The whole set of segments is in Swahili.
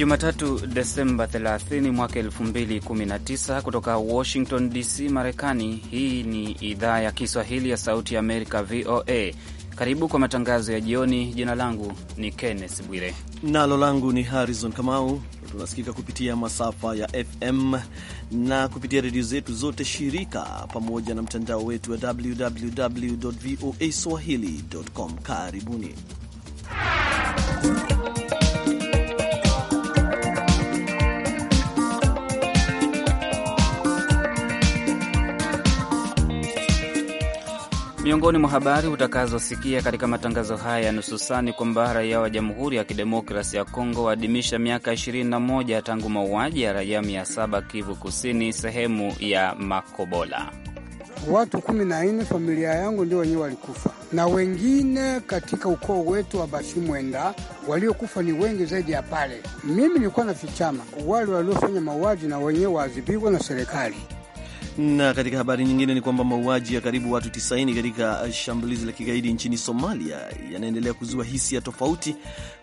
Jumatatu Desemba 30 mwaka 2019 kutoka Washington DC, Marekani. Hii ni idhaa ya Kiswahili ya Sauti ya Amerika, VOA. Karibu kwa matangazo ya jioni. Jina langu ni Kenneth Bwire nalo langu ni Harrison Kamau. Tunasikika kupitia masafa ya FM na kupitia redio zetu zote shirika pamoja na mtandao wetu wa www voa swahili.com. Karibuni Miongoni mwa habari utakazosikia katika matangazo haya ya nusu saa ni kwamba raia wa Jamhuri ya Kidemokrasi ya Kongo waadhimisha miaka 21 tangu mauaji ya raia 7 Kivu Kusini, sehemu ya Makobola. Watu kumi na nne familia yangu ndio wenyewe walikufa, na wengine katika ukoo wetu wa Bashimwenda waliokufa ni wengi zaidi ya pale. Mimi nilikuwa na fichama wale waliofanya mauaji, na wenyewe waadhibiwa na serikali. Na katika habari nyingine ni kwamba mauaji ya karibu watu 90 katika shambulizi la kigaidi nchini Somalia yanaendelea kuzua hisia tofauti,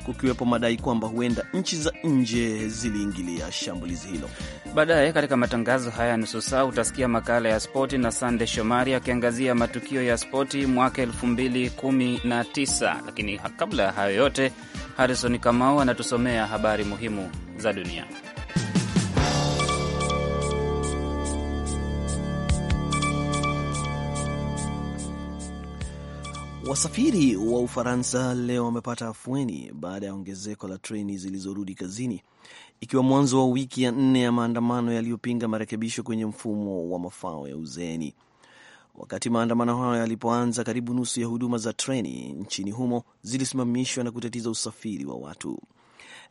kukiwepo madai kwamba huenda nchi za nje ziliingilia shambulizi hilo. Baadaye katika matangazo haya nusu saa utasikia makala ya spoti na Sande Shomari akiangazia matukio ya spoti mwaka 2019, lakini kabla ya hayo yote, harison Kamau anatusomea habari muhimu za dunia. Wasafiri wa Ufaransa leo wamepata afueni baada ya ongezeko la treni zilizorudi kazini, ikiwa mwanzo wa wiki ya nne ya maandamano yaliyopinga marekebisho kwenye mfumo wa mafao ya uzeeni. Wakati maandamano hayo yalipoanza, karibu nusu ya huduma za treni nchini humo zilisimamishwa na kutatiza usafiri wa watu.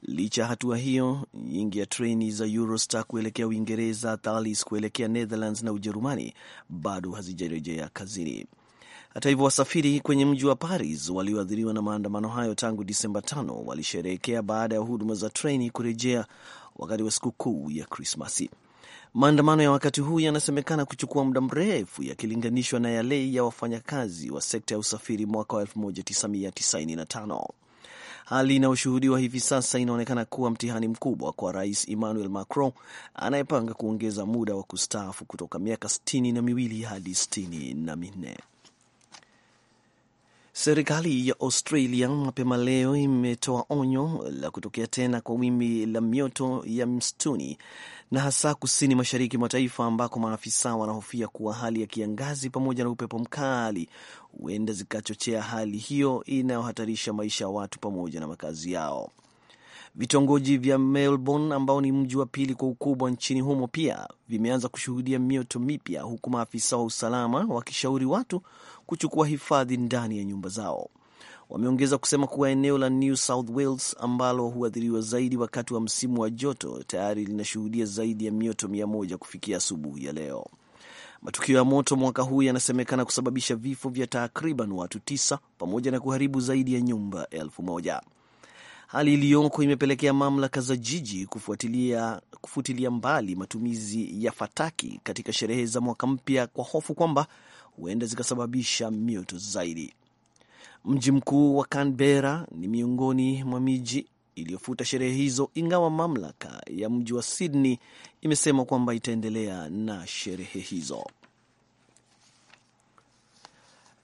Licha ya hatua hiyo, nyingi ya treni za Eurostar kuelekea Uingereza, Thalys kuelekea Netherlands na Ujerumani bado hazijarejea kazini. Hata hivyo, wasafiri kwenye mji wa Paris walioathiriwa na maandamano hayo tangu Disemba tano walisherehekea baada ya huduma za treni kurejea wakati wa sikukuu ya Krismasi. Maandamano ya wakati huu yanasemekana kuchukua muda mrefu yakilinganishwa na yale ya wafanyakazi wa sekta ya usafiri mwaka wa 1995. Hali inayoshuhudiwa hivi sasa inaonekana kuwa mtihani mkubwa kwa Rais Emmanuel Macron anayepanga kuongeza muda wa kustaafu kutoka miaka sitini na miwili hadi sitini na minne. Serikali ya Australia mapema leo imetoa onyo la kutokea tena kwa wimbi la mioto ya msituni na hasa kusini mashariki mwa taifa ambako maafisa wanahofia kuwa hali ya kiangazi pamoja na upepo mkali huenda zikachochea hali hiyo inayohatarisha maisha ya watu pamoja na makazi yao. Vitongoji vya Melbourne ambao ni mji wa pili kwa ukubwa nchini humo pia vimeanza kushuhudia mioto mipya, huku maafisa wa usalama wakishauri watu kuchukua hifadhi ndani ya nyumba zao. Wameongeza kusema kuwa eneo la New South Wales ambalo huathiriwa zaidi wakati wa msimu wa joto tayari linashuhudia zaidi ya mioto mia moja kufikia asubuhi ya leo. Matukio ya moto mwaka huu yanasemekana kusababisha vifo vya takriban watu tisa pamoja na kuharibu zaidi ya nyumba elfu moja. Hali iliyoko imepelekea mamlaka za jiji kufuatilia kufutilia mbali matumizi ya fataki katika sherehe za mwaka mpya kwa hofu kwamba huenda zikasababisha mioto zaidi. Mji mkuu wa Canberra ni miongoni mwa miji iliyofuta sherehe hizo, ingawa mamlaka ya mji wa Sydney imesema kwamba itaendelea na sherehe hizo.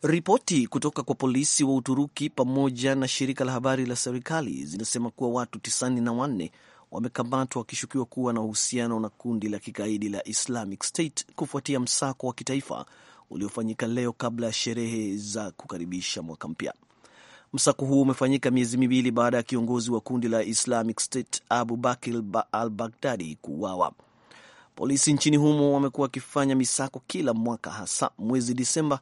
Ripoti kutoka kwa polisi wa Uturuki pamoja na shirika la habari la serikali zinasema kuwa watu tisini na wanne wamekamatwa wakishukiwa kuwa na uhusiano na kundi la kigaidi la Islamic State kufuatia msako wa kitaifa uliofanyika leo kabla ya sherehe za kukaribisha mwaka mpya. Msako huo umefanyika miezi miwili baada ya kiongozi wa kundi la Islamic State Abu Bakr al Baghdadi kuuawa. Polisi nchini humo wamekuwa wakifanya misako kila mwaka, hasa mwezi Disemba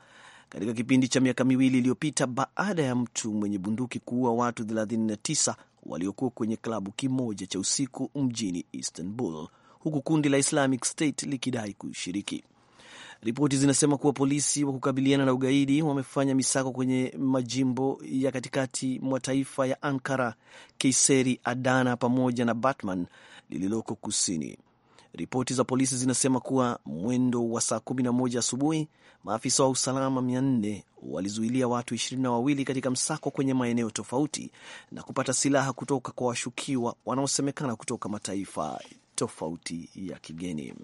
katika kipindi cha miaka miwili iliyopita baada ya mtu mwenye bunduki kuua watu 39 waliokuwa kwenye klabu kimoja cha usiku mjini Istanbul, huku kundi la Islamic State likidai kushiriki. Ripoti zinasema kuwa polisi wa kukabiliana na ugaidi wamefanya misako kwenye majimbo ya katikati mwa taifa ya Ankara, Kayseri, Adana pamoja na Batman lililoko kusini. Ripoti za polisi zinasema kuwa mwendo wa saa kumi na moja asubuhi, maafisa wa usalama mia nne walizuilia watu ishirini na wawili katika msako kwenye maeneo tofauti na kupata silaha kutoka kwa washukiwa wanaosemekana kutoka mataifa tofauti ya kigeni.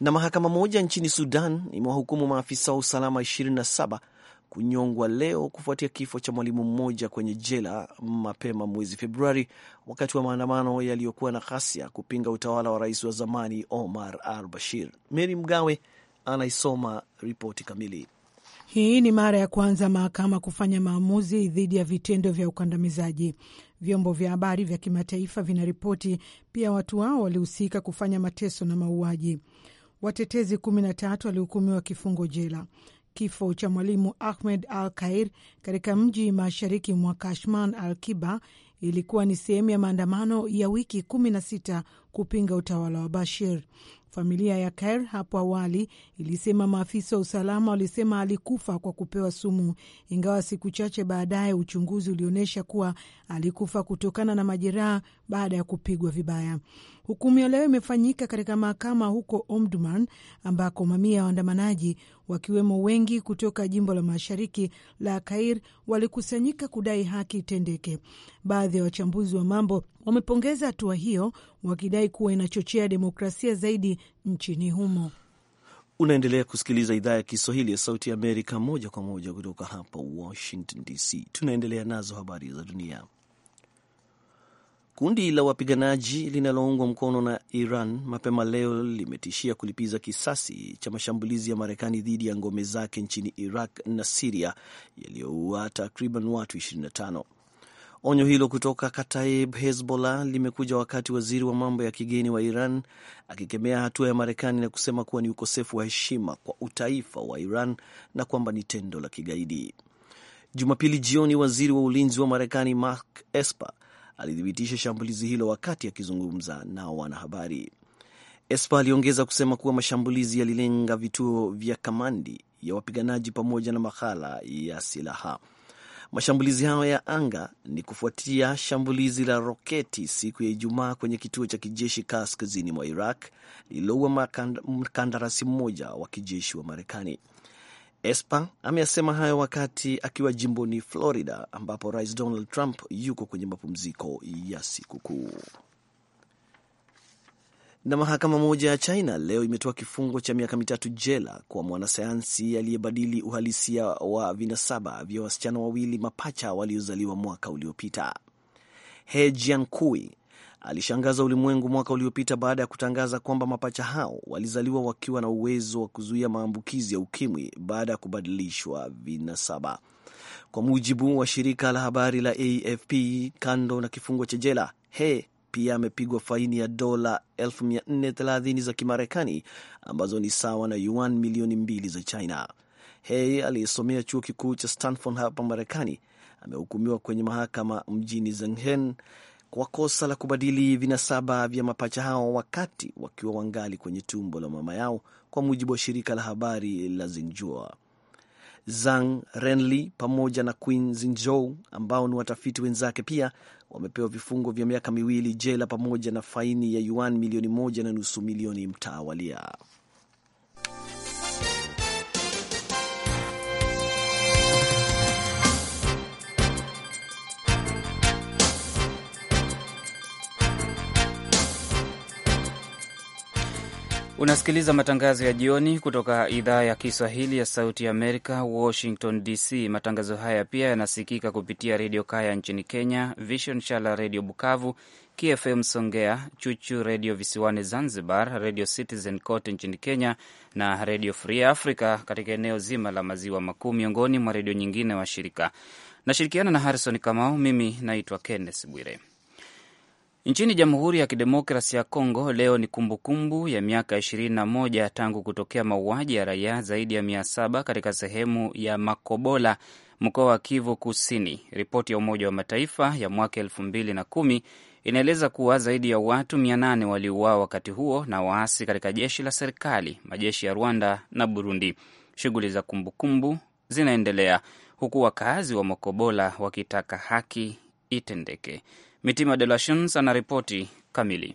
Na mahakama moja nchini Sudan imewahukumu maafisa wa usalama saba kunyongwa leo kufuatia kifo cha mwalimu mmoja kwenye jela mapema mwezi Februari wakati wa maandamano yaliyokuwa na ghasia kupinga utawala wa rais wa zamani Omar al Bashir. Meri Mgawe anaisoma ripoti kamili. Hii ni mara ya kwanza mahakama kufanya maamuzi dhidi ya vitendo vya ukandamizaji. Vyombo vya habari vya kimataifa vinaripoti pia watu hao walihusika kufanya mateso na mauaji. Watetezi kumi na tatu walihukumiwa kifungo jela kifo cha mwalimu Ahmed Al Kair katika mji mashariki mwa Kashman Al Kiba ilikuwa ni sehemu ya maandamano ya wiki sita kupinga utawala wa Bashir. Familia ya Kair hapo awali ilisema maafisa wa usalama walisema alikufa kwa kupewa sumu, ingawa siku chache baadaye uchunguzi ulionyesha kuwa alikufa kutokana na majeraha baada ya kupigwa vibaya. Hukumu ya leo imefanyika katika mahakama huko Omdurman ambako mamia ya waandamanaji wakiwemo wengi kutoka jimbo la mashariki la Kair walikusanyika kudai haki itendeke. Baadhi ya wachambuzi wa mambo wamepongeza hatua hiyo, wakidai kuwa inachochea demokrasia zaidi nchini humo. Unaendelea kusikiliza idhaa ya Kiswahili ya Sauti ya Amerika moja kwa moja kutoka hapa Washington DC. Tunaendelea nazo habari za dunia. Kundi la wapiganaji linaloungwa mkono na Iran mapema leo limetishia kulipiza kisasi cha mashambulizi ya Marekani dhidi ya ngome zake nchini Iraq na Siria yaliyoua takriban watu 25. Onyo hilo kutoka Kataib Hezbollah limekuja wakati waziri wa mambo ya kigeni wa Iran akikemea hatua ya Marekani na kusema kuwa ni ukosefu wa heshima kwa utaifa wa Iran na kwamba ni tendo la kigaidi. Jumapili jioni, waziri wa ulinzi wa Marekani Mark Esper alithibitisha shambulizi hilo wakati akizungumza na wanahabari. Esper aliongeza kusema kuwa mashambulizi yalilenga vituo vya kamandi ya wapiganaji pamoja na maghala ya silaha. Mashambulizi hayo ya anga ni kufuatia shambulizi la roketi siku ya Ijumaa kwenye kituo cha kijeshi kaskazini mwa Iraq lililoua mkandarasi mmoja wa kijeshi wa Marekani. Esper ameyasema hayo wakati akiwa jimboni Florida ambapo Rais Donald Trump yuko kwenye mapumziko ya sikukuu. Na mahakama moja ya China leo imetoa kifungo cha miaka mitatu jela kwa mwanasayansi aliyebadili uhalisia wa vinasaba vya wasichana wawili mapacha waliozaliwa mwaka uliopita. He Jiankui alishangaza ulimwengu mwaka uliopita baada ya kutangaza kwamba mapacha hao walizaliwa wakiwa na uwezo wa kuzuia maambukizi ya ukimwi baada ya kubadilishwa vinasaba. Kwa mujibu wa shirika la habari la AFP, kando na kifungo cha jela, He pia amepigwa faini ya dola 430 za Kimarekani ambazo ni sawa na yuan milioni mbili za China. Hey aliyesomea chuo kikuu cha Stanford hapa Marekani amehukumiwa kwenye mahakama mjini Zenghen kwa kosa la kubadili vinasaba vya mapacha hao wakati wakiwa wangali kwenye tumbo la mama yao, kwa mujibu wa shirika la habari la Zinjua. Zhang Renli pamoja na Qin zinjo ambao ni watafiti wenzake pia wamepewa vifungo vya miaka miwili jela pamoja na faini ya yuan milioni moja na nusu milioni mtawalia. Unasikiliza matangazo ya jioni kutoka idhaa ya Kiswahili ya Sauti ya Amerika, Washington DC. Matangazo haya pia yanasikika kupitia Redio Kaya nchini Kenya, Vision Shala Redio Bukavu, KFM Songea, Chuchu Redio visiwani Zanzibar, Redio Citizen kote nchini Kenya na Redio Free Africa katika eneo zima la Maziwa Makuu, miongoni mwa redio nyingine wa shirika Nashirikiana na Harrison Kamau. Mimi naitwa Kenneth Bwire. Nchini Jamhuri ya Kidemokrasi ya Kongo leo ni kumbukumbu kumbu ya miaka 21 tangu kutokea mauaji ya raia zaidi ya 700 katika sehemu ya Makobola, mkoa wa Kivu Kusini. Ripoti ya Umoja wa Mataifa ya mwaka 2010 inaeleza kuwa zaidi ya watu 800 waliuawa wakati huo na waasi katika jeshi la serikali, majeshi ya Rwanda na Burundi. Shughuli za kumbukumbu zinaendelea huku wakazi wa Makobola wakitaka haki itendeke. Mitima de la Shans anaripoti kamili.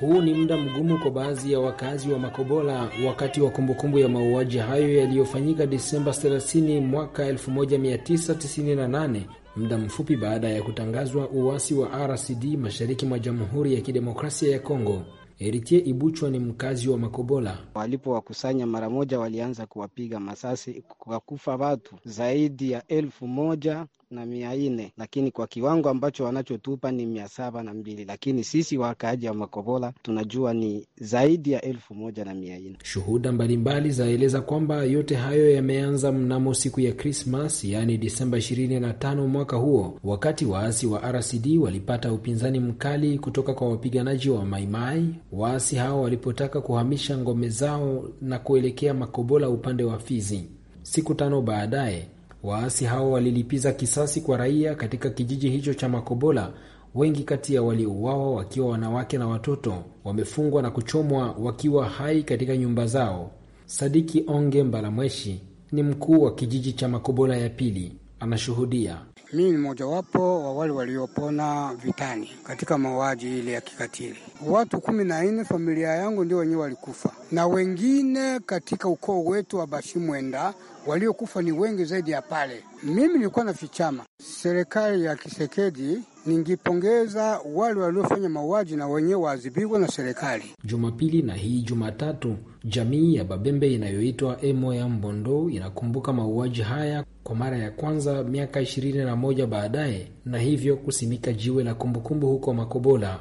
Huu ni muda mgumu kwa baadhi ya wakazi wa Makobola wakati wa kumbukumbu ya mauaji hayo yaliyofanyika Desemba 30 mwaka 1998, muda mfupi baada ya kutangazwa uasi wa RCD mashariki mwa Jamhuri ya Kidemokrasia ya Kongo. Heritier Ibuchwa ni mkazi wa Makobola. Walipowakusanya mara moja, walianza kuwapiga masasi, kuwakufa watu zaidi ya elfu moja na mia nne lakini kwa kiwango ambacho wanachotupa ni mia saba na mbili lakini sisi wakaaji wa Makobola tunajua ni zaidi ya elfu moja na mia nne. Shuhuda mbalimbali zaeleza kwamba yote hayo yameanza mnamo siku ya Krismas, yaani Disemba 25 mwaka huo, wakati waasi wa RCD walipata upinzani mkali kutoka kwa wapiganaji wa Maimai. Waasi hao walipotaka kuhamisha ngome zao na kuelekea Makobola upande wa Fizi. Siku tano baadaye Waasi hao walilipiza kisasi kwa raia katika kijiji hicho cha Makobola. Wengi kati ya waliouawa wakiwa wanawake na watoto, wamefungwa na kuchomwa wakiwa hai katika nyumba zao. Sadiki Onge Mbalamweshi ni mkuu wa kijiji cha Makobola ya pili, anashuhudia mimi ni mmojawapo wa wale waliopona vitani katika mauaji ile ya kikatili. Watu kumi na nne familia yangu ndio wenyewe walikufa, na wengine katika ukoo wetu wa Bashimwenda waliokufa ni wengi zaidi ya pale. Mimi nilikuwa na fichama serikali ya Kisekedi ningipongeza wale waliofanya mauaji na wenyewe waadhibiwe na serikali. Jumapili na hii Jumatatu, jamii ya Babembe inayoitwa Emo ya Mbondo inakumbuka mauaji haya kwa mara ya kwanza miaka 21 baadaye na hivyo kusimika jiwe la kumbukumbu huko Makobola.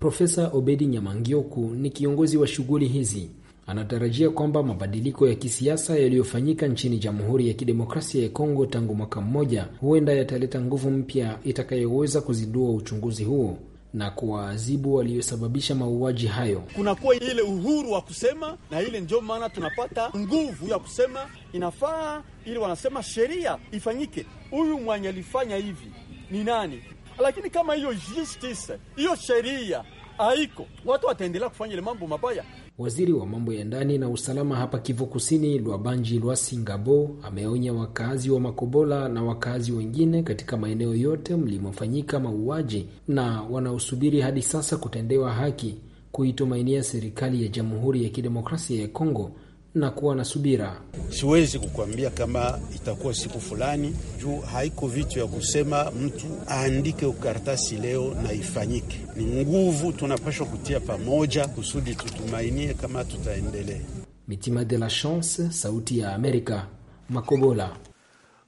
Profesa Obedi Nyamangioku ni kiongozi wa shughuli hizi. Anatarajia kwamba mabadiliko ya kisiasa yaliyofanyika nchini Jamhuri ya Kidemokrasia ya Kongo tangu mwaka mmoja huenda yataleta nguvu mpya itakayoweza kuzindua uchunguzi huo na kuwaadhibu waliosababisha mauaji hayo. Kunakuwa ile uhuru wa kusema, na ile ndio maana tunapata nguvu ya kusema inafaa, ili wanasema sheria ifanyike, huyu mwenye alifanya hivi ni nani. Lakini kama hiyo justice, hiyo sheria haiko, watu wataendelea kufanya ile mambo mabaya. Waziri wa mambo ya ndani na usalama hapa Kivu Kusini, Lwabanji Singabo, ameonya wakaazi wa Makobola na wakaazi wengine katika maeneo yote mlimofanyika mauaji na wanaosubiri hadi sasa kutendewa haki kuitumainia serikali ya Jamhuri ya Kidemokrasia ya Kongo na kuwa na subira. Siwezi kukwambia kama itakuwa siku fulani, juu haiko vitu ya kusema mtu aandike ukaratasi leo na ifanyike. Ni nguvu tunapashwa kutia pamoja kusudi tutumainie kama tutaendelea. Mitima de la Chance, Sauti ya Amerika, Makobola.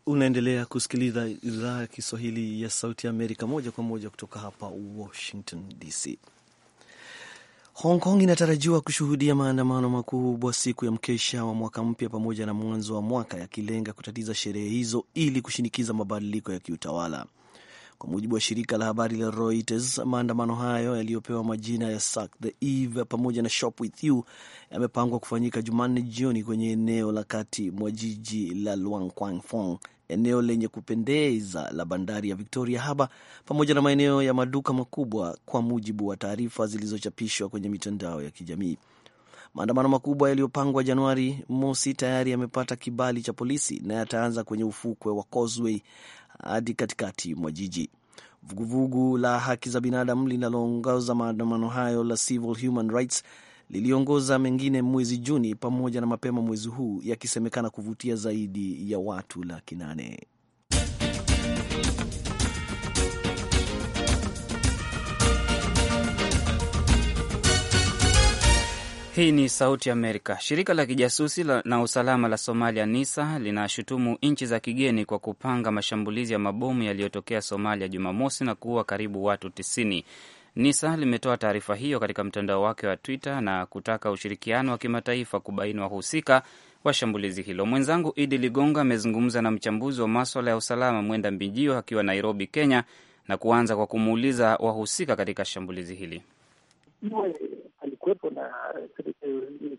Unaendelea kusikiliza idhaa ya Kiswahili ya Sauti ya Amerika moja kwa moja kutoka hapa Washington DC. Hong Kong inatarajiwa kushuhudia maandamano makubwa siku ya mkesha wa mwaka mpya pamoja na mwanzo wa mwaka, yakilenga kutatiza sherehe hizo ili kushinikiza mabadiliko ya kiutawala. Kwa mujibu wa shirika la habari la Reuters, maandamano hayo yaliyopewa majina ya Sack the Eve pamoja na Shop with You yamepangwa kufanyika Jumanne jioni kwenye eneo la kati mwa jiji la Luang Kwang Fong eneo lenye kupendeza la bandari ya Victoria Harbour pamoja na maeneo ya maduka makubwa, kwa mujibu wa taarifa zilizochapishwa kwenye mitandao ya kijamii. Maandamano makubwa yaliyopangwa Januari mosi tayari yamepata kibali cha polisi na yataanza kwenye ufukwe wa Causeway hadi katikati mwa jiji. Vuguvugu la haki za binadamu linaloongoza maandamano hayo la Civil Human Rights liliongoza mengine mwezi Juni pamoja na mapema mwezi huu yakisemekana kuvutia zaidi ya watu laki nane. Hii ni Sauti Amerika. Shirika la kijasusi na usalama la Somalia NISA linashutumu nchi za kigeni kwa kupanga mashambulizi ya mabomu yaliyotokea Somalia Jumamosi na kuua karibu watu 90. NISA limetoa taarifa hiyo katika mtandao wake wa Twitter na kutaka ushirikiano wa kimataifa kubaini wahusika wa shambulizi hilo. Mwenzangu Idi Ligonga amezungumza na mchambuzi wa maswala ya usalama Mwenda Mbijio akiwa Nairobi, Kenya, na kuanza kwa kumuuliza wahusika katika shambulizi hili kuwepo na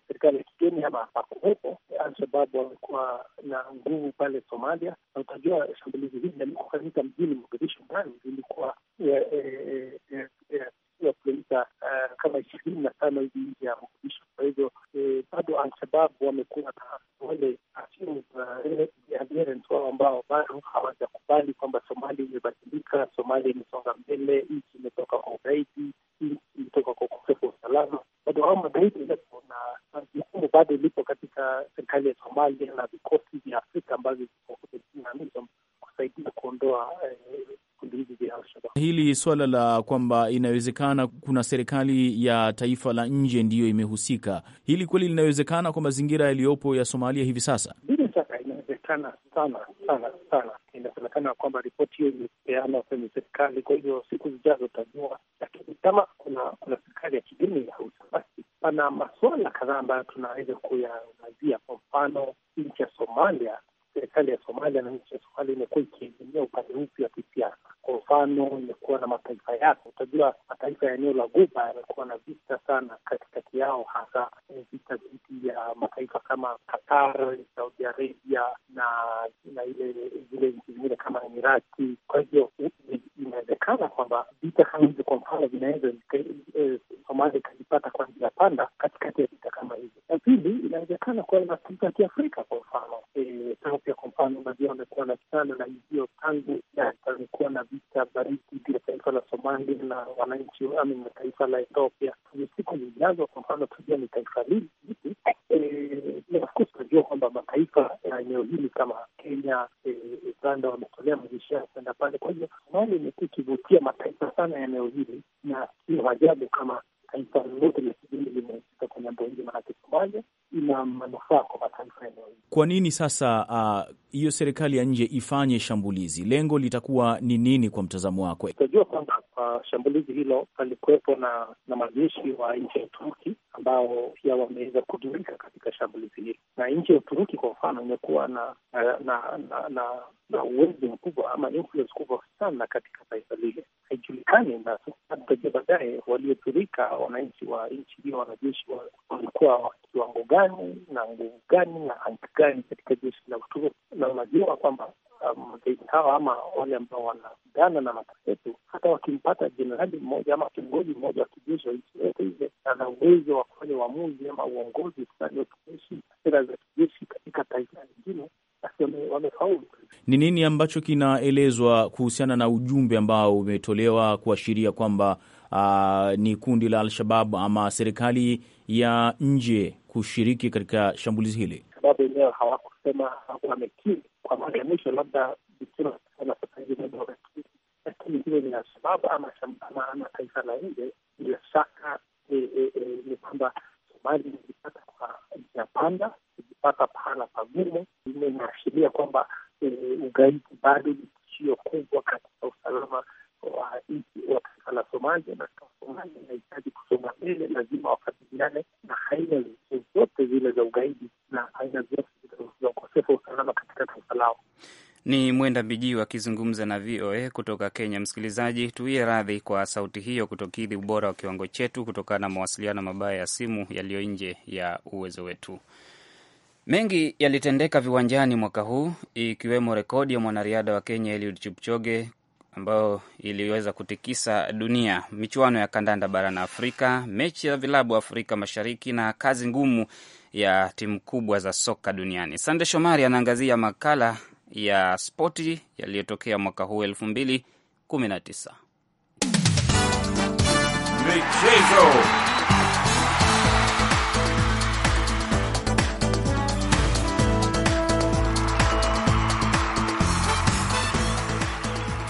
serikali ya kigeni ama hakuwepo. al wamekuwa na nguvu pale Somalia, na utajua shambulizi hili alikofanyika mjini Mogadishu ndani ilikuwa eh, eh, eh, ya kilomita kama ishirini na tano hivi nje ya Mogadishu. Kwa hivyo bado al wamekuwa na wale wao ambao bado hawajakubali kwamba Somalia imebadilika, Somalia imesonga mbele, nchi imetoka kwa ugaidi, au magaidi lepo na jukumu bado lipo katika serikali ya Somalia na vikosi vya Afrika ambavyo ziko kusaidia kuondoa eh, vikundi hivi vya Alshabab. Hili swala la kwamba inawezekana kuna serikali ya taifa la nje ndiyo imehusika, hili kweli linawezekana kwa mazingira yaliyopo ya Somalia hivi sasa? Bila shaka inawezekana sana sana sana. Inasemekana kwamba ripoti hiyo imepeanwa kwenye serikali, kwa hivyo siku zijazo tajua na kadhaa ambayo tunaweza kuyaangazia. Kwa mfano, nchi ya Somalia, serikali ya Somalia na nchi ya Somalia imekuwa ikiegemea upande upi wa kisiasa. Kwa mfano, imekuwa na mataifa yake, utajua mataifa ya eneo la Guba yamekuwa na vita sana katikati yao, hasa eh, vita dhidi ya mataifa kama Qatar, Saudi Arabia na na ile zile nchi zingine kama Emirati. Kwa hivyo inawezekana kwamba vita kama hizi, kwa mfano, vinaweza eh, sana kwa mataifa ya Kiafrika. Kwa mfano Ethiopia, kwa mfano, unajua wamekuwa na sana na hiyo tangu amekuwa na vita baridi dhidi ya taifa la Somalia na wananchi ami na taifa la Ethiopia. Kwenye siku zijazo, kwa mfano, tujua ni taifa lili lipi. E, of course tunajua kwamba mataifa ya eneo hili kama Kenya, e, Uganda wametolea majeshi yao kwenda pale. Kwa hiyo Somalia imekuwa ikivutia mataifa sana ya eneo hili, na sio ajabu kama taifa lolote la kigeni limehusika kwa jambo hili, maanake Somalia ya manufaa kwa mataifa eneo hili. Kwa nini sasa uh, hiyo uh, serikali ya nje ifanye shambulizi? Lengo litakuwa ni nini kwa mtazamo wako? Tunajua kwamba kwa shambulizi hilo palikuwepo na na majeshi wa nchi ya Uturuki ambao pia wameweza kudurika katika shambulizi hili. Na nchi ya Uturuki kwa mfano imekuwa na na na, na, na, na uwezo mkubwa ama influence kubwa sana katika taifa lile. Haijulikani na tutajua baadaye walioturika wananchi wa nchi hiyo, wanajeshi walikuwa wa kiwango gani na nguvu gani na anki gani katika jeshi la Uturuki, na unajua kwamba magaidi um, hawa ama wale ambao wanapigana na mataifa yetu, hata wakimpata jenerali mmoja ama kiongozi mmoja wa kijeshi wa nchi ile ana uwezo wa kufanya uamuzi ama uongozi fulani wa kijeshi, sera za kijeshi katika taifa lingine, basi wamefaulu. Ni nini ambacho kinaelezwa kuhusiana na ujumbe ambao umetolewa kuashiria kwamba Uh, ni kundi la Al-Shabab ama serikali ya nje kushiriki katika shambulizi hili sababu wenyewe hawakusema wamekiri kwa mara ya mwisho, labda ikiwa lakini hiyo ni sababu ama taifa la nje. Bila shaka e, e, e, ni kwamba Somali imejipata kwa njia panda, imejipata pahala pagumu. Inaashiria kwamba ugaidi bado ni tishio kubwa katika usalama wa nchi wa taifa la Somalia, na Somalia inahitaji kusonga mbele, lazima wakabiliane na aina zozote zile za ugaidi. Ni Mwenda Bijiu akizungumza na VOA kutoka Kenya. Msikilizaji, tuiye radhi kwa sauti hiyo kutokidhi ubora wa kiwango chetu kutokana na mawasiliano mabaya ya simu yaliyo nje ya uwezo wetu. Mengi yalitendeka viwanjani mwaka huu, ikiwemo rekodi ya mwanariadha wa Kenya Eliud Kipchoge ambayo iliweza kutikisa dunia, michuano ya kandanda barani Afrika, mechi ya vilabu Afrika Mashariki na kazi ngumu ya timu kubwa za soka duniani. Sande Shomari anaangazia makala ya spoti yaliyotokea mwaka huu elfu mbili kumi na tisa. Michezo.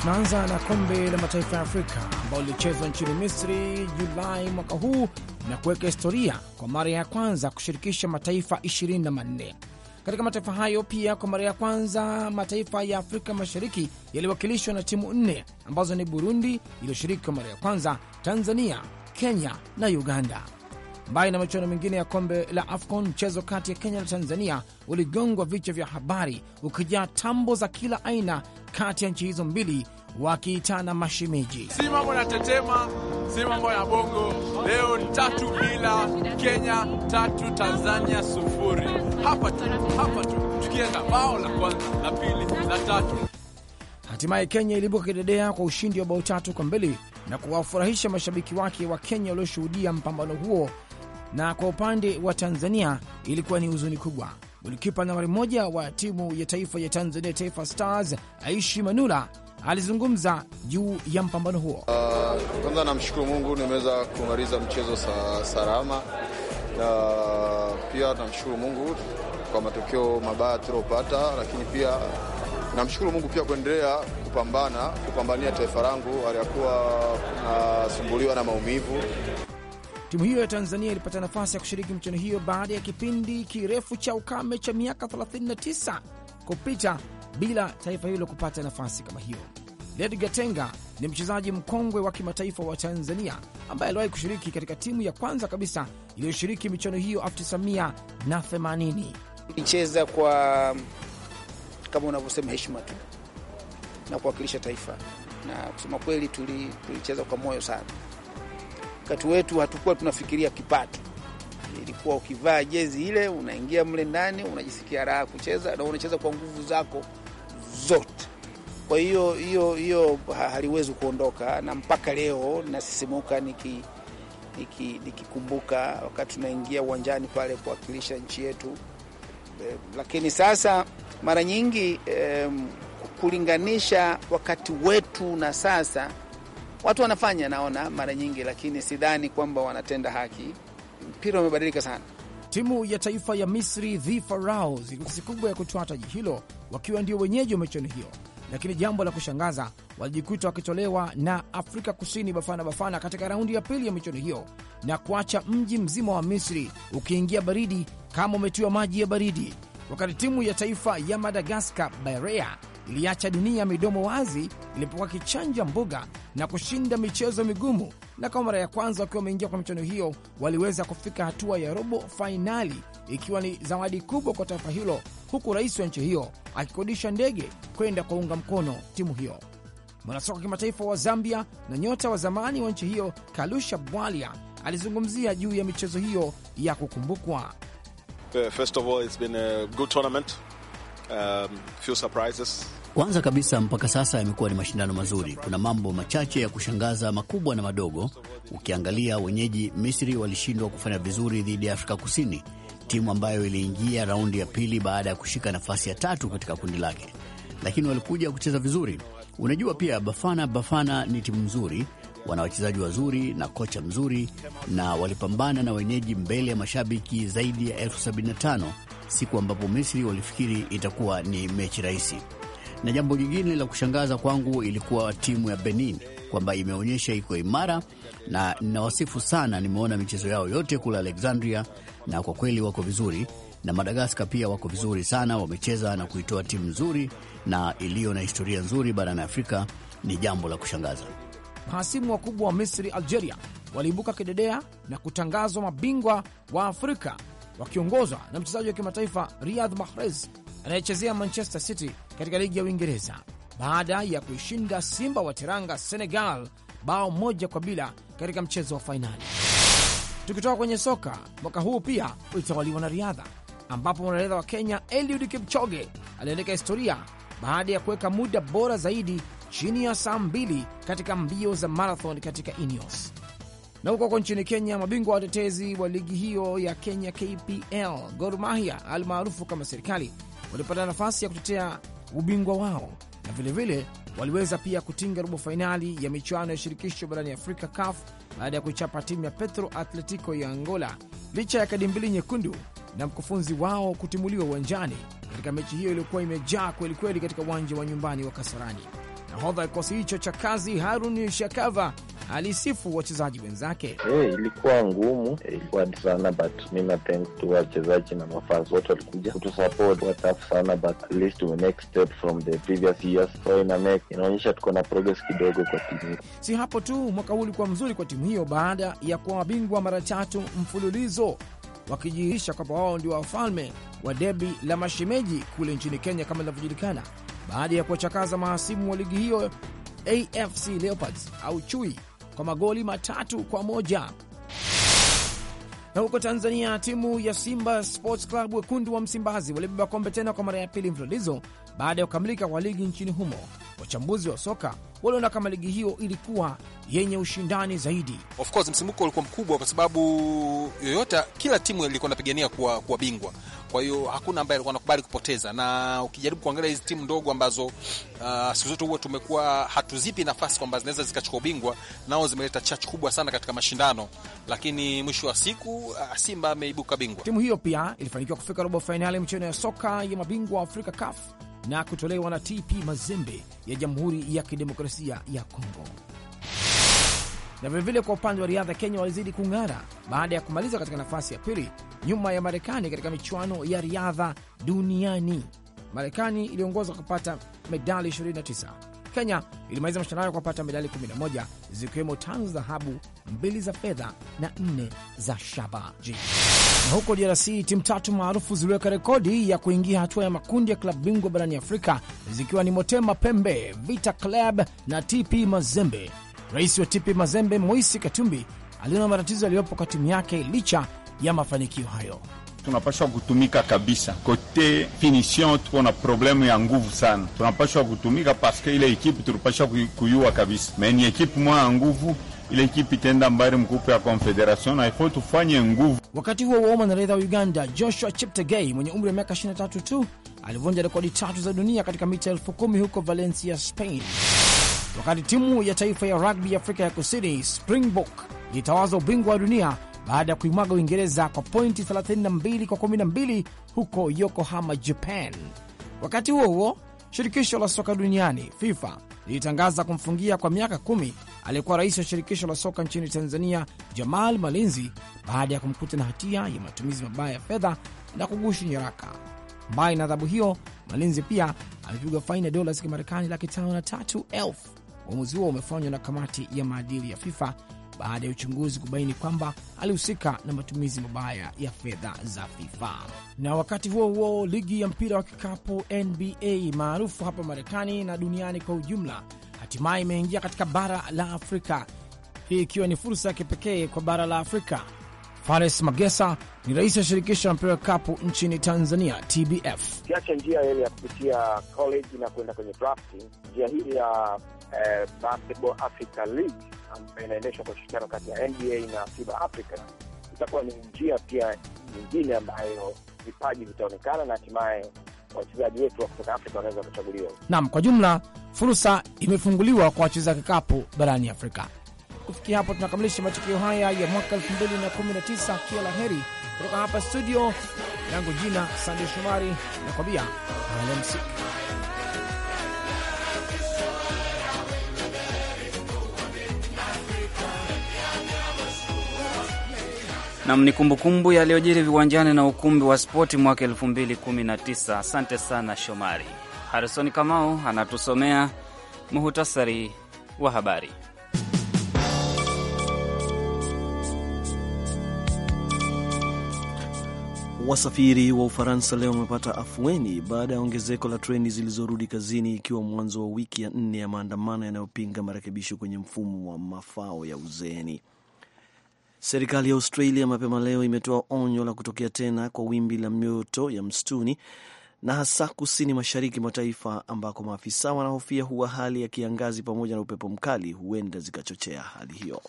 Tunaanza na kombe la mataifa ya Afrika ambao lilichezwa nchini Misri Julai mwaka huu na kuweka historia kwa mara ya kwanza kushirikisha mataifa 24. Katika mataifa hayo pia, kwa mara ya kwanza mataifa ya Afrika Mashariki yaliwakilishwa na timu nne ambazo ni Burundi iliyoshiriki kwa mara ya kwanza, Tanzania, Kenya na Uganda. Mbali na michuano mingine ya kombe la AFCON, mchezo kati ya Kenya na Tanzania uligongwa vichwa vya habari ukijaa tambo za kila aina kati ya nchi hizo mbili wakiitana mashemeji. Si mambo ya tetema, si mambo ya bongo. Leo ni tatu bila Kenya tatu Tanzania sufuri. Hapa tu, hapa tu, tukienda bao la kwanza, la pili, la tatu. Hatimaye Kenya ilibuka kidedea kwa ushindi wa bao tatu kwa mbili na kuwafurahisha mashabiki wake wa Kenya walioshuhudia mpambano huo na kwa upande wa Tanzania ilikuwa ni huzuni kubwa. Golikipa nambari moja wa timu ya taifa ya Tanzania, Taifa Stars, Aishi Manula alizungumza juu ya mpambano huo. Uh, kwanza namshukuru Mungu nimeweza kumaliza mchezo sa, salama na uh, pia namshukuru Mungu kwa matokeo mabaya tuliopata, lakini pia namshukuru Mungu pia kuendelea kupambana kupambania taifa langu aliyakuwa nasumbuliwa na maumivu Timu hiyo ya Tanzania ilipata nafasi ya kushiriki michuano hiyo baada ya kipindi kirefu cha ukame cha miaka 39 kupita bila taifa hilo kupata nafasi kama hiyo. led Tenga ni mchezaji mkongwe wa kimataifa wa Tanzania ambaye aliwahi kushiriki katika timu ya kwanza kabisa iliyoshiriki michuano hiyo 1980. Icheza kwa kama unavyosema heshima tu na kuwakilisha taifa, na kusema kweli tulicheza tuli kwa moyo sana wakati wetu hatukuwa tunafikiria kipato, ilikuwa ukivaa jezi ile unaingia mle ndani unajisikia raha kucheza na unacheza kwa nguvu zako zote. Kwa hiyo hiyo hiyo haliwezi kuondoka, na mpaka leo nasisimuka niki nikikumbuka niki wakati tunaingia uwanjani pale kuwakilisha nchi yetu. E, lakini sasa mara nyingi e, kulinganisha wakati wetu na sasa watu wanafanya, naona mara nyingi, lakini sidhani kwamba wanatenda haki. Mpira umebadilika sana. Timu ya taifa ya Misri The Pharaohs ina kubwa ya kutoa taji hilo wakiwa ndio wenyeji wa michuano hiyo, lakini jambo la kushangaza, walijikuta wakitolewa na Afrika Kusini Bafana Bafana katika raundi ya pili ya michuano hiyo na kuacha mji mzima wa Misri ukiingia baridi kama umetiwa maji ya baridi, wakati timu ya taifa ya Madagaskar Barea iliacha dunia midomo wazi ilipokuwa kichanja mbuga na kushinda michezo migumu, na kwa mara ya kwanza wakiwa wameingia kwa michuano hiyo waliweza kufika hatua ya robo fainali, ikiwa ni zawadi kubwa kwa taifa hilo, huku rais wa nchi hiyo akikodisha ndege kwenda kuunga mkono timu hiyo. Mwanasoka kimataifa wa Zambia na nyota wa zamani wa nchi hiyo Kalusha Bwalia alizungumzia juu ya michezo hiyo ya kukumbukwa. Uh, first of all, it's been a good tournament um, few surprises. Kwanza kabisa, mpaka sasa yamekuwa ni mashindano mazuri. Kuna mambo machache ya kushangaza makubwa na madogo. Ukiangalia, wenyeji Misri walishindwa kufanya vizuri dhidi ya Afrika Kusini, timu ambayo iliingia raundi ya pili baada ya kushika nafasi ya tatu katika kundi lake, lakini walikuja kucheza vizuri. Unajua, pia Bafana Bafana ni timu nzuri, wana wachezaji wazuri na kocha mzuri, na walipambana na wenyeji mbele ya mashabiki zaidi ya elfu 75 siku ambapo Misri walifikiri itakuwa ni mechi rahisi. Na jambo jingine la kushangaza kwangu ilikuwa timu ya Benin kwamba imeonyesha iko imara na ninawasifu sana. Nimeona michezo yao yote kule Alexandria na kwa kweli wako vizuri, na Madagaskar pia wako vizuri sana, wamecheza na kuitoa timu nzuri na iliyo na historia nzuri barani Afrika. Ni jambo la kushangaza. Mahasimu wakubwa wa Misri, Algeria, waliibuka kidedea na kutangazwa mabingwa wa Afrika wakiongozwa na mchezaji wa kimataifa Riyad Mahrez anayechezea Manchester City katika ligi ya Uingereza baada ya kuishinda Simba wa Teranga Senegal bao moja kwa bila katika mchezo wa fainali. Tukitoka kwenye soka, mwaka huu pia ulitawaliwa na riadha ambapo mwanariadha wa Kenya Eliud Kipchoge aliandika historia baada ya kuweka muda bora zaidi chini ya saa mbili katika mbio za marathon katika Ineos. Na huko huko nchini Kenya, mabingwa watetezi wa ligi hiyo ya Kenya KPL, Gor Mahia almaarufu kama Serikali, walipata nafasi ya kutetea ubingwa wao na vilevile vile, waliweza pia kutinga robo fainali ya michuano ya shirikisho barani Afrika CAF baada ya kuichapa timu ya Petro Atletico ya Angola licha ya kadi mbili nyekundu na mkufunzi wao kutimuliwa uwanjani katika mechi hiyo iliyokuwa imejaa kwelikweli katika uwanja wa nyumbani wa Kasarani. Nahodha kikosi hicho cha kazi Harun Shakava alisifu wachezaji wenzake. Hey, eh, ilikuwa ngumu, ilikuwa hadi sana but mi na thank tu wachezaji na mafans wote walikuja kutusupport kwa tough sana but at least we make step from the previous years, so ina make inaonyesha tuko na progress kidogo kwa timu. Si hapo tu, mwaka huu ulikuwa mzuri kwa timu hiyo baada ya kuwa mabingwa mara tatu mfululizo wakijihisha kwamba wao ndio wafalme wa debi la mashemeji kule nchini Kenya kama linavyojulikana, baada ya kuwachakaza mahasimu wa ligi hiyo AFC Leopards au Chui kwa magoli matatu kwa moja. Na huko Tanzania, timu ya Simba Sports Club wekundu wa Msimbazi walibeba kombe tena kwa mara ya pili mfululizo baada ya kukamilika kwa ligi nchini humo wachambuzi wa soka waliona kama ligi hiyo ilikuwa yenye ushindani zaidi. Of course msimuko ulikuwa mkubwa, kwa sababu yoyota, kila timu ilikuwa inapigania kuwa, kuwa bingwa. Kwa hiyo hakuna ambaye alikuwa anakubali kupoteza, na ukijaribu kuangalia hizi timu ndogo ambazo uh, siku zote huwa tumekuwa hatuzipi nafasi kwamba zinaweza zikachukua ubingwa, nao zimeleta chachu kubwa sana katika mashindano, lakini mwisho wa siku uh, Simba ameibuka bingwa. Timu hiyo pia ilifanikiwa kufika robo fainali michuano ya soka ya mabingwa wa Afrika CAF na kutolewa na TP Mazembe ya Jamhuri ya Kidemokrasia ya Kongo. Na vilevile kwa upande wa riadha, Kenya walizidi kung'ara baada ya kumaliza katika nafasi ya pili nyuma ya Marekani katika michuano ya riadha duniani. Marekani iliongoza kupata medali 29. Kenya ilimaliza mashindano kwa kupata medali 11 zikiwemo tano za dhahabu, mbili za fedha na nne za shaba. Na huko DRC timu tatu maarufu ziliweka rekodi ya kuingia hatua ya makundi ya klabu bingwa barani Afrika zikiwa ni Motema Pembe, Vita Club na TP Mazembe. Rais wa TP Mazembe Moisi Katumbi aliona matatizo yaliyopo kwa timu yake licha ya mafanikio hayo. Tunapashwa kutumika kabisa kote finition, tuko na problemu ya nguvu sana, tunapashwa kutumika paske ile ekipu tulipashwa kuyua kabisa, meni ekipu mwa ya nguvu ile kipi itaenda mbari mkupe ya Confederation na ifo tufanye nguvu. Wakati huo huo, mwanariadha wa Uganda Joshua Cheptegei mwenye umri wa miaka 23 tu alivunja rekodi tatu za dunia katika mita elfu kumi huko Valencia, Spain, wakati timu ya taifa ya rugby Afrika ya Kusini Springbok ilitawaza ubingwa wa dunia baada ya kuimwaga Uingereza kwa pointi 32 kwa 12 huko Yokohama, Japan. Wakati huo huo, shirikisho la soka duniani FIFA lilitangaza kumfungia kwa miaka kumi aliyekuwa rais wa shirikisho la soka nchini Tanzania Jamal Malinzi baada ya kumkuta na hatia ya matumizi mabaya ya fedha na kugushi nyaraka. Mbali na adhabu hiyo, Malinzi pia amepigwa faini ya dola za Kimarekani laki tano na tatu elfu. Uamuzi huo umefanywa na kamati ya maadili ya FIFA baada ya uchunguzi kubaini kwamba alihusika na matumizi mabaya ya fedha za FIFA. Na wakati huo huo, ligi ya mpira wa kikapu NBA maarufu hapa Marekani na duniani kwa ujumla hatimaye imeingia katika bara la Afrika, hii ikiwa ni fursa ya kipekee kwa bara la Afrika. Fares Magesa ni rais wa shirikisho la mpira wa kapu nchini Tanzania, TBF. Ukiacha njia ile ya kupitia college na kuenda kwenye drafting, njia hii ya eh, Basketball Africa League ambayo inaendeshwa kwa ushirikiano kati ya NBA na FIBA Africa itakuwa ni njia pia nyingine ambayo vipaji vitaonekana na hatimaye wachezaji wetu wa kutoka Afrika wanaweza kuchaguliwa. Naam, kwa jumla fursa imefunguliwa kwa wacheza kikapu barani Afrika. Kufikia hapo, tunakamilisha matukio haya ya mwaka 2019. Kila la heri kutoka hapa studio yangu, jina Sande Shomari na kwambia alamsiki. Nam ni kumbukumbu yaliyojiri viwanjani na ukumbi wa spoti mwaka 2019. Asante sana Shomari. Harrison Kamau anatusomea muhutasari wa habari. Wasafiri wa Ufaransa leo wamepata afueni baada ya ongezeko la treni zilizorudi kazini ikiwa mwanzo wa wiki ya nne ya maandamano yanayopinga marekebisho kwenye mfumo wa mafao ya uzeeni. Serikali ya Australia mapema leo imetoa onyo la kutokea tena kwa wimbi la mioto ya msituni na hasa kusini mashariki mwa taifa ambako maafisa wanahofia huwa hali ya kiangazi pamoja na upepo mkali huenda zikachochea hali hiyo.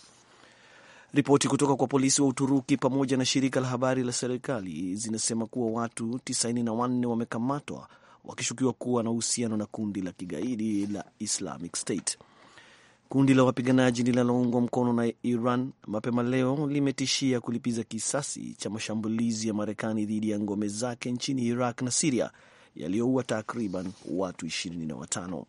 Ripoti kutoka kwa polisi wa Uturuki pamoja na shirika la habari la serikali zinasema kuwa watu 94 wamekamatwa wakishukiwa kuwa na uhusiano na kundi la kigaidi la Islamic State. Kundi la wapiganaji linaloungwa mkono na Iran mapema leo limetishia kulipiza kisasi cha mashambulizi ya Marekani dhidi ya ngome zake nchini Iraq na Siria yaliyoua takriban watu 25.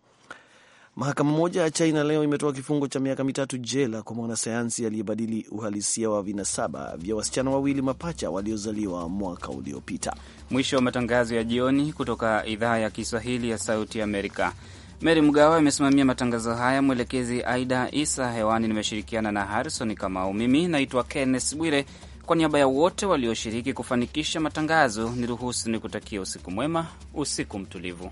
Mahakama moja ya China leo imetoa kifungo cha miaka mitatu jela kwa mwanasayansi aliyebadili uhalisia wa vinasaba vya wasichana wawili mapacha waliozaliwa mwaka uliopita. Mwisho wa matangazo ya jioni kutoka idhaa ya Kiswahili ya Sauti Amerika. Meri mgawa amesimamia matangazo haya, mwelekezi Aida Isa. Hewani nimeshirikiana na Harrison Kamau. Mimi naitwa Kenneth Bwire. Kwa niaba ya wote walioshiriki kufanikisha matangazo, niruhusu kutakia usiku mwema, usiku mtulivu.